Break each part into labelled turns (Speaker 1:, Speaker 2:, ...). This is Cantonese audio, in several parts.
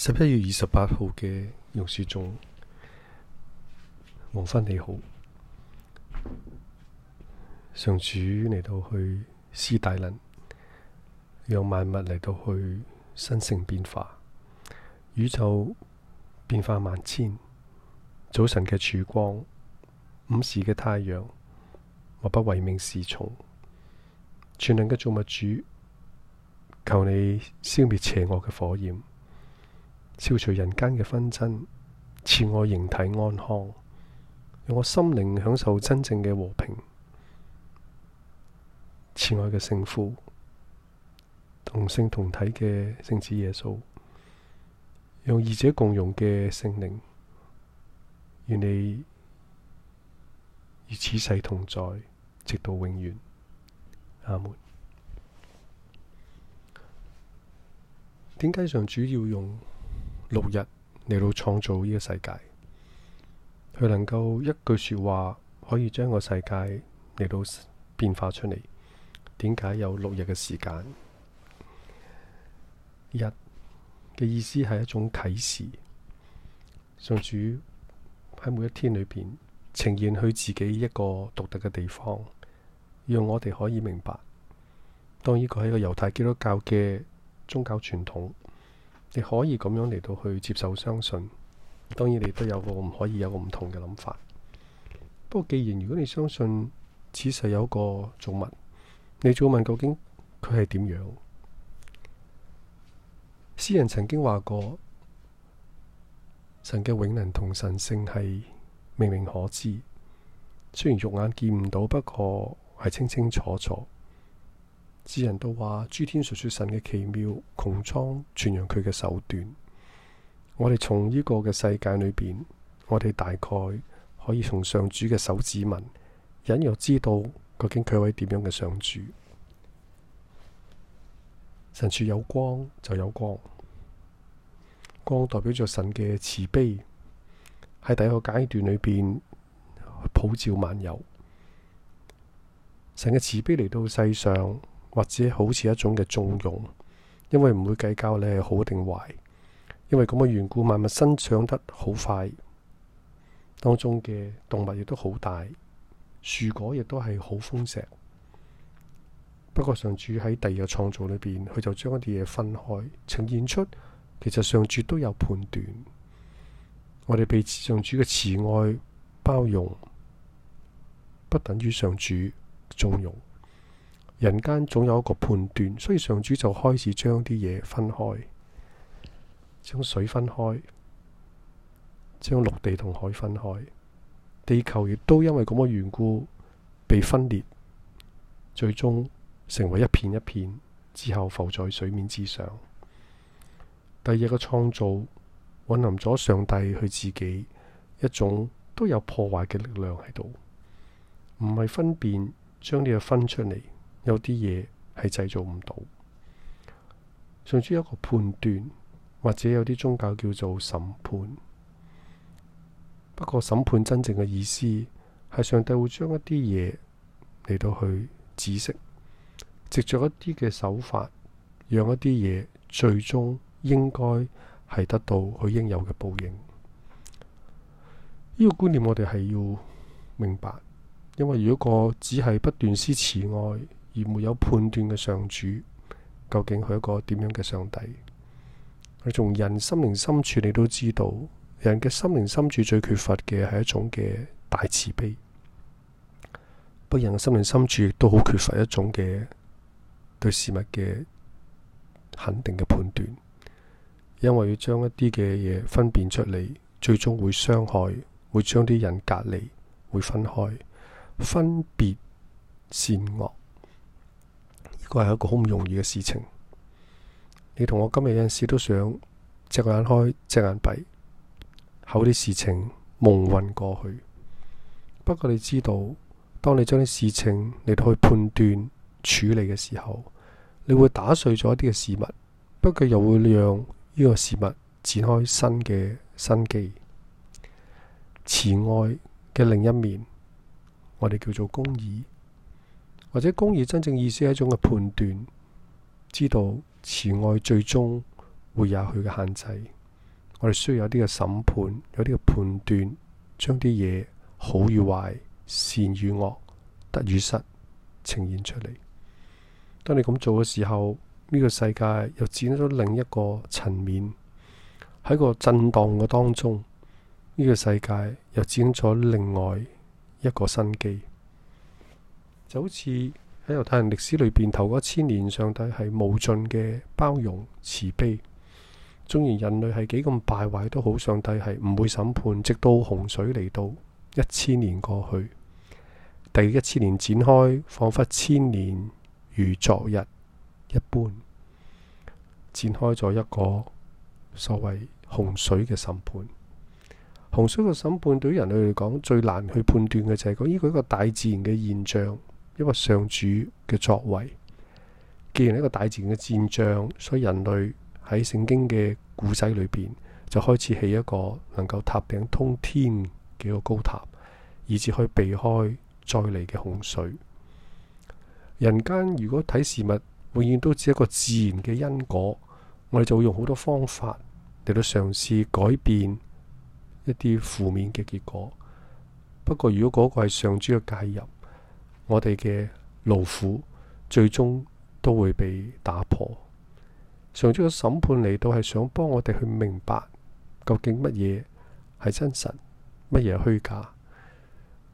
Speaker 1: 十一月二十八號嘅榕樹種，黃昏。你好，上主嚟到去施大能，讓萬物嚟到去新陳代謝。宇宙變化萬千。早晨嘅曙光，午時嘅太陽，莫不唯命是從，全能嘅造物主，求你消滅邪惡嘅火焰。消除人間嘅紛爭，賜我形體安康，用我心靈享受真正嘅和平。慈愛嘅聖父，同性同體嘅聖子耶穌，用二者共用嘅聖靈，願你與此世同在，直到永遠。阿門。點解上主要用？六日嚟到創造呢個世界，佢能夠一句說話可以將個世界嚟到變化出嚟。點解有六日嘅時間？日嘅意思係一種啟示，上主喺每一天裏邊呈現佢自己一個獨特嘅地方，讓我哋可以明白。當呢個係一個猶太基督教嘅宗教傳統。你可以咁樣嚟到去接受相信，當然你都有個唔可以有個唔同嘅諗法。不過既然如果你相信此世有個造物，你造物究竟佢係點樣？詩人曾經話過：神嘅永能同神性係明明可知，雖然肉眼見唔到，不過係清清楚楚。智人都話：諸天述說神嘅奇妙，穹蒼傳揚佢嘅手段。我哋從呢個嘅世界裏邊，我哋大概可以從上主嘅手指紋隱約知道究竟佢係點樣嘅上主。神處有光就有光，光代表著神嘅慈悲。喺第一個階段裏邊，普照萬有。神嘅慈悲嚟到世上。或者好似一種嘅縱容，因為唔會計較你係好定壞，因為咁嘅緣故，慢慢生長得好快，當中嘅動物亦都好大，樹果亦都係好豐碩。不過上主喺第二個創造裏邊，佢就將一啲嘢分開，呈現出其實上主都有判斷。我哋被上主嘅慈愛包容，不等於上主縱容。人間總有一個判斷，所以上主就開始將啲嘢分開，將水分開，將陸地同海分開。地球亦都因為咁嘅緣故被分裂，最終成為一片一片，之後浮在水面之上。第二個創造蘊含咗上帝佢自己一種都有破壞嘅力量喺度，唔係分辨將呢個分出嚟。有啲嘢係製造唔到，甚至有一個判斷，或者有啲宗教叫做審判。不過，審判真正嘅意思係上帝會將一啲嘢嚟到去指示，藉着一啲嘅手法，讓一啲嘢最終應該係得到佢應有嘅報應。呢個觀念我哋係要明白，因為如果個只係不斷施慈愛。而沒有判斷嘅上主，究竟係一個點樣嘅上帝？你從人心靈深處，你都知道人嘅心靈深處最缺乏嘅係一種嘅大慈悲。不，人心靈深處亦都好缺乏一種嘅對事物嘅肯定嘅判斷，因為要將一啲嘅嘢分辨出嚟，最終會傷害，會將啲人隔離，會分開，分別善惡。個係一個好唔容易嘅事情，你同我今日有陣時都想隻眼開隻眼閉，後啲事情蒙混過去。不過你知道，當你將啲事情你去判斷處理嘅時候，你會打碎咗一啲嘅事物，不過又會讓呢個事物展開新嘅生機。慈愛嘅另一面，我哋叫做公義。或者公義真正意思係一種嘅判斷，知道慈愛最終會有佢嘅限制。我哋需要有啲嘅審判，有啲嘅判斷，將啲嘢好與壞、善與惡、得與失呈現出嚟。當你咁做嘅時候，呢、這個世界又展現咗另一個層面，喺個震盪嘅當中，呢、這個世界又展現咗另外一個新機。就好似喺猶太人歷史裏邊頭嗰千年，上帝係無盡嘅包容慈悲，縱然人類係幾咁敗壞都好，上帝係唔會審判，直到洪水嚟到一千年過去，第一千年展開，仿佛千年如昨日一般，展開咗一個所謂洪水嘅審判。洪水嘅審判對於人類嚟講最難去判斷嘅就係講呢個一個大自然嘅現象。因為上主嘅作為，既然係一個大自然嘅戰將，所以人類喺聖經嘅古仔裏邊，就開始起一個能夠塔頂通天嘅一個高塔，以至可以避開再嚟嘅洪水。人間如果睇事物，永遠都只係一個自然嘅因果，我哋就會用好多方法嚟到嘗試改變一啲負面嘅結果。不過如果嗰個係上主嘅介入。我哋嘅勞苦最終都會被打破。上主嘅審判嚟到係想幫我哋去明白究竟乜嘢係真實，乜嘢係虛假，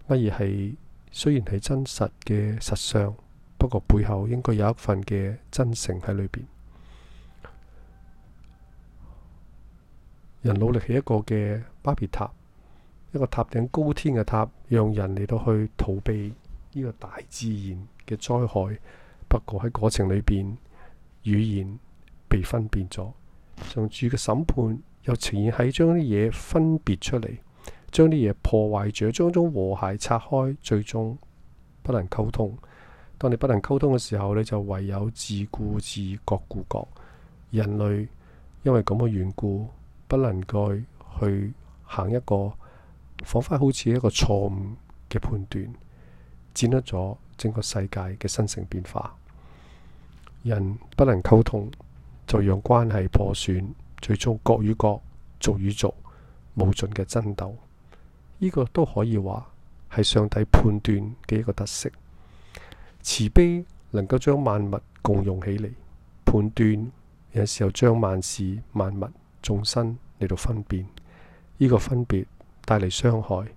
Speaker 1: 乜嘢係雖然係真實嘅實相，不過背後應該有一份嘅真誠喺裏邊。人努力起一個嘅巴比塔，一個塔頂高天嘅塔，讓人嚟到去逃避呢個大自然嘅災害，不過喺過程裏邊語言被分辨咗，從主嘅審判又呈現喺將啲嘢分別出嚟，將啲嘢破壞住，將種和諧拆開，最終不能溝通。當你不能溝通嘅時候，你就唯有自顧自各顧各。人類因為咁嘅緣故，不能夠去行一個彷彿好似一個錯誤嘅判斷。見到咗整個世界嘅新陳變化。人不能溝通，就讓關係破損，最終各與各，族與族無盡嘅爭鬥。呢、這個都可以話係上帝判斷嘅一個特色。慈悲能夠將萬物共用起嚟，判斷有時候將萬事萬物眾生嚟到分辨。呢、這個分別帶嚟傷害。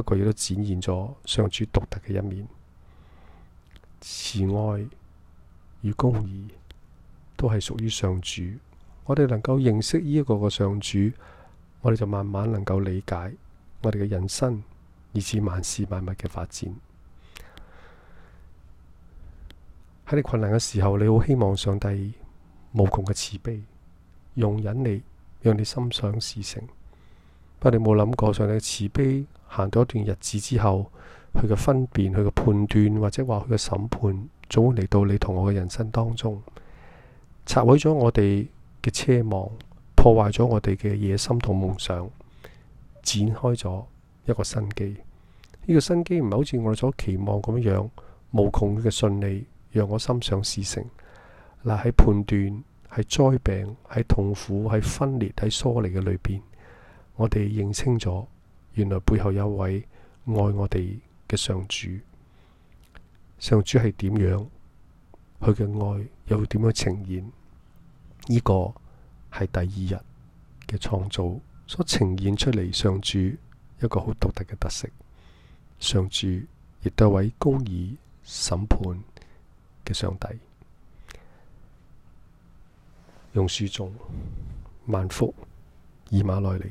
Speaker 1: 不過亦都展現咗上主獨特嘅一面，慈愛與公義都係屬於上主。我哋能夠認識呢一個嘅上主，我哋就慢慢能夠理解我哋嘅人生，以至萬事萬物嘅發展。喺你困難嘅時候，你好希望上帝無窮嘅慈悲容忍你，讓你心想事成。不過你冇諗過，上帝嘅慈悲。行咗一段日子之後，佢嘅分辨、佢嘅判斷或者話佢嘅審判，總會嚟到你同我嘅人生當中，拆毀咗我哋嘅奢望，破壞咗我哋嘅野心同夢想，展開咗一個新機。呢個新機唔係好似我哋所期望咁樣，無窮嘅順利讓我心想事成。嗱，喺判斷、喺災病、喺痛苦、喺分裂、喺疏離嘅裏邊，我哋認清咗。原來背後有一位愛我哋嘅上主，上主係點樣？佢嘅愛又會點樣呈現？呢個係第二日嘅創造所呈現出嚟上主一個好獨特嘅特色。上主亦都係位公義審判嘅上帝。用書種，萬福以馬內利。